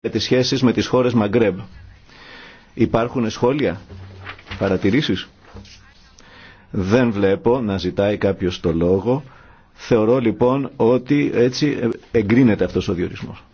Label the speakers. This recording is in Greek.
Speaker 1: για τις σχέσεις με τις χώρες Μαγκρέμπ. Υπάρχουν σχόλια, παρατηρήσεις. Δεν βλέπω να ζητάει κάποιος το λόγο. Θεωρώ λοιπόν ότι έτσι εγκρίνεται αυτός ο διορισμός.